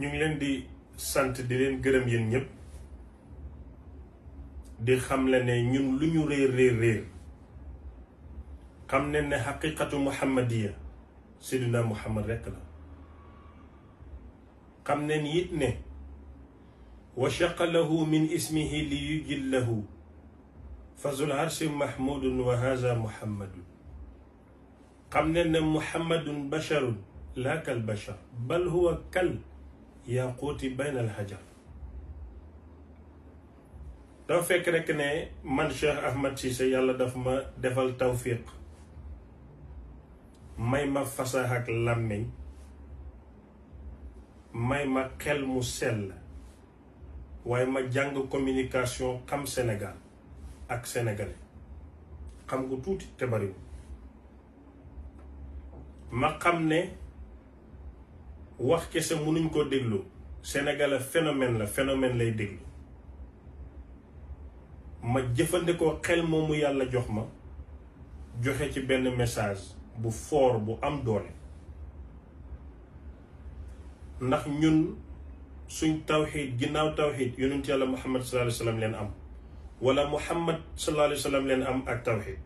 ñu ngi leen di sant di leen gërëm yéen ñëpp di xam la ne ñun lu ñu réer réer xam ne ne xaqiqatu muhammadiya seydina muhammad rekk la xam ne ni it ne wa shaqa lahu min ismihi li yujillahu fazul arsi mahmudun wa haza muhammadun xam ne ne muhammadun basharun laa kal bashar bal huwa kal yaquuti bayna al hajar dafa fekk rek ne man Cheikh Ahmed Cissé yàlla daf ma defal tawfiq may ma fasax ak làmmiñ may ma xel mu sell waaye ma jàng communication xam senegal ak sénégalais xam gu tuuti te bariwul ma xam ne wax kese mënuñ koo déglu Sénégal phénomène la phénomène lay déglu ma jëfandikoo xel moomu yàlla jox ma joxe ci benn message bu fort bu am doole ndax ñun suñ tawxiid ginnaaw tawxiid yonent yàlla muhammad sallallahu alayhi wasallam leen am wala muhammad sallallahu alayhi wasallam leen am ak tawxiid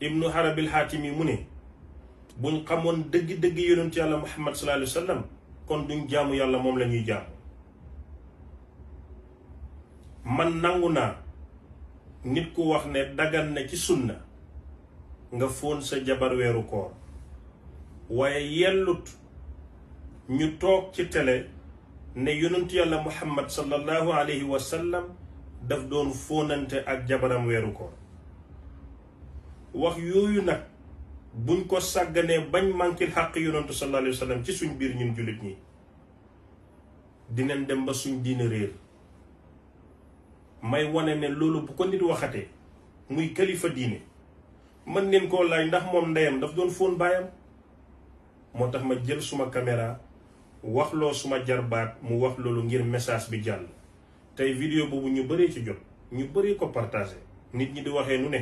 ibnu harabil xaatim yi mu ne buñ xamoon dëgg-dëgg yonent yàlla muhammad sallallahu alayhi wa sallam kon duñ jaamu yàlla moom lañuy ñuy man nangu naa nit ku wax ne dagan na ci sunna nga fóon sa jabar weeru koor waaye yellut ñu toog ci télé ne yonent yàlla muhammad sallallahu alayhi wa sallam daf doon fóonante ak jabaram weeru koor wax yooyu nag buñ ko sàgganee bañ manqué xàq yonantu sallallahu alayhi wa ci suñu biir ñun jullit ñi dinan dem ba suñ diina réer may wane ne loolu bu ko nit waxatee muy kalifa diine mën neen koo laaj ndax moom ndeyam daf doon fóon baayam moo tax ma jël suma kamera wax loo suma jarbaat mu wax loolu ngir message bi jàll tey vidéo boobu ñu baree ci jot ñu bëree ko nit ñi di waxee nu ne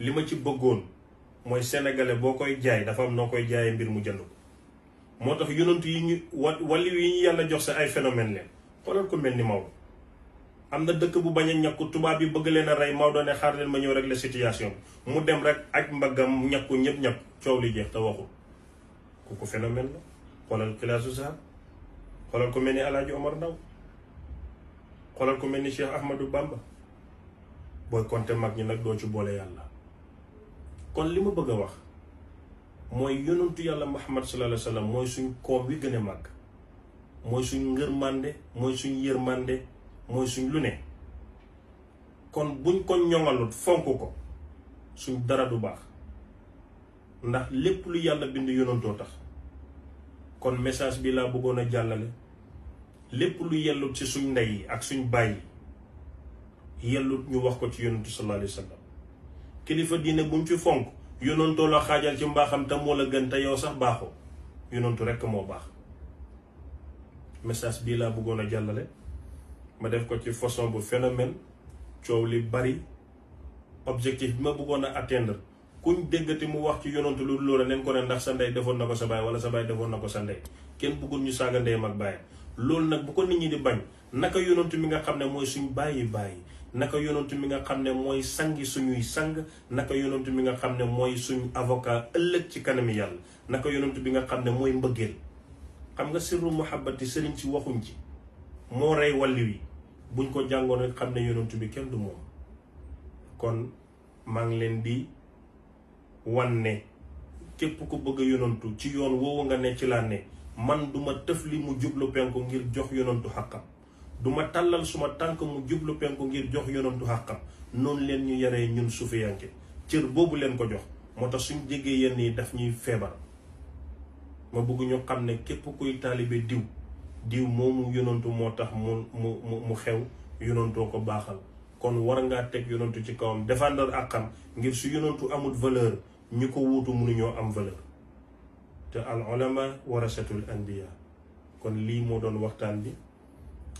li ma ci bëggoon mooy sénégalais boo koy jaay dafa am noo koy jaayee mbir mu jënd ko moo tax yonent yi ñu wa wali yi ñu yàlla jox sa ay phénomène leen xoolal ko mel ni Maodo am na dëkk bu bañ a ñàkku tubaab yi bëgg leen a rey Maodo ne xaar leen ma ñëw rek la situation mu dem rek ak mbaggam ñàkku ñëpp ñàkk coow li jeex te waxul kooku phénomène la xoolal Xilaasu Saar xoolal ko mel ni Alaaji Omar Ndaw xoolal ko mel ni Cheikh Ahmadou Bamba booy compter mag ñi nag doo ci boole yàlla kon li ma bëgg a wax mooy yonentu yàlla muhammad sallallahu alayhi mooy suñ koom wi gën a màgg mooy suñ ngërmande mooy suñ yërmande mooy suñ lu ne kon buñ ko ñoŋalut fonk ko suñ dara du baax ndax lépp lu yàlla bind yonentoo tax kon message bi laa bëggoon a jàllale lépp lu yellut ci suñ ndey yi ak suñ bàyyi yellut ñu wax ko ci yonentu sallallahu alayhi kilifa diine buñ ci fonk yonantoo la xaajal ci mbaaxam te moo la gën te yow sax baaxoo yonantu rekk moo baax message bii laa bëggoon a jàllale ma def ko ci façon bu phénomène coow li bari objectif bi ma bëggoon a atteindre kuñ déggati mu wax ci yonantu lu loola leen ko ne ndax sa ndey defoon na ko sa baay wala sa baay defoon na ko sa ndey kenn bëggul ñu saaga ndeyam ak baay loolu nag bu ko nit ñi di bañ naka yonantu mi nga xam ne mooy suñ bàyyi bàyyi naka yonantu mi nga xam ne mooy sangi suñuy sang naka yonantu mi nga xam ne mooy suñu avocat ëllëg ci kanami yàlla naka yonantu bi nga xam ne mooy mbëggeel xam nga sirru muhabbati sëriñ ci waxuñ ci moo rey walli wi buñ ko jàngoon rek xam ne yonantu bi kenn du moom kon maa ngi leen di wan ne képp ku bëgg a ci yoon woowu nga ne ci laa ne man duma tëf li mu jublu penku ngir jox yonantu xàqam du ma tàllal suma tànk mu jublu penku ngir jox yonantu xàqam noonu leen ñu yare ñun sufiyanke cër boobu leen ko jox moo tax suñu jegee yenn yi daf ñuy feebar ma bëgg ñu xam ne képp kuy taalibe diw diw moomu yonantu moo tax mu mu xew yonantoo ko baaxal kon war ngaa teg yonantu ci kawam défendre àqam ngir su yonantu amul valeur ñi ko wuutu mënuñoo am valeur te al ulama warasatul anbiya kon lii moo doon waxtaan bi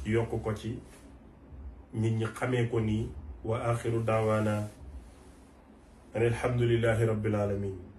yokk ko ci nit ñi xamee ko nii wa axiru daawaana an alhamdulillahi rabbil alamin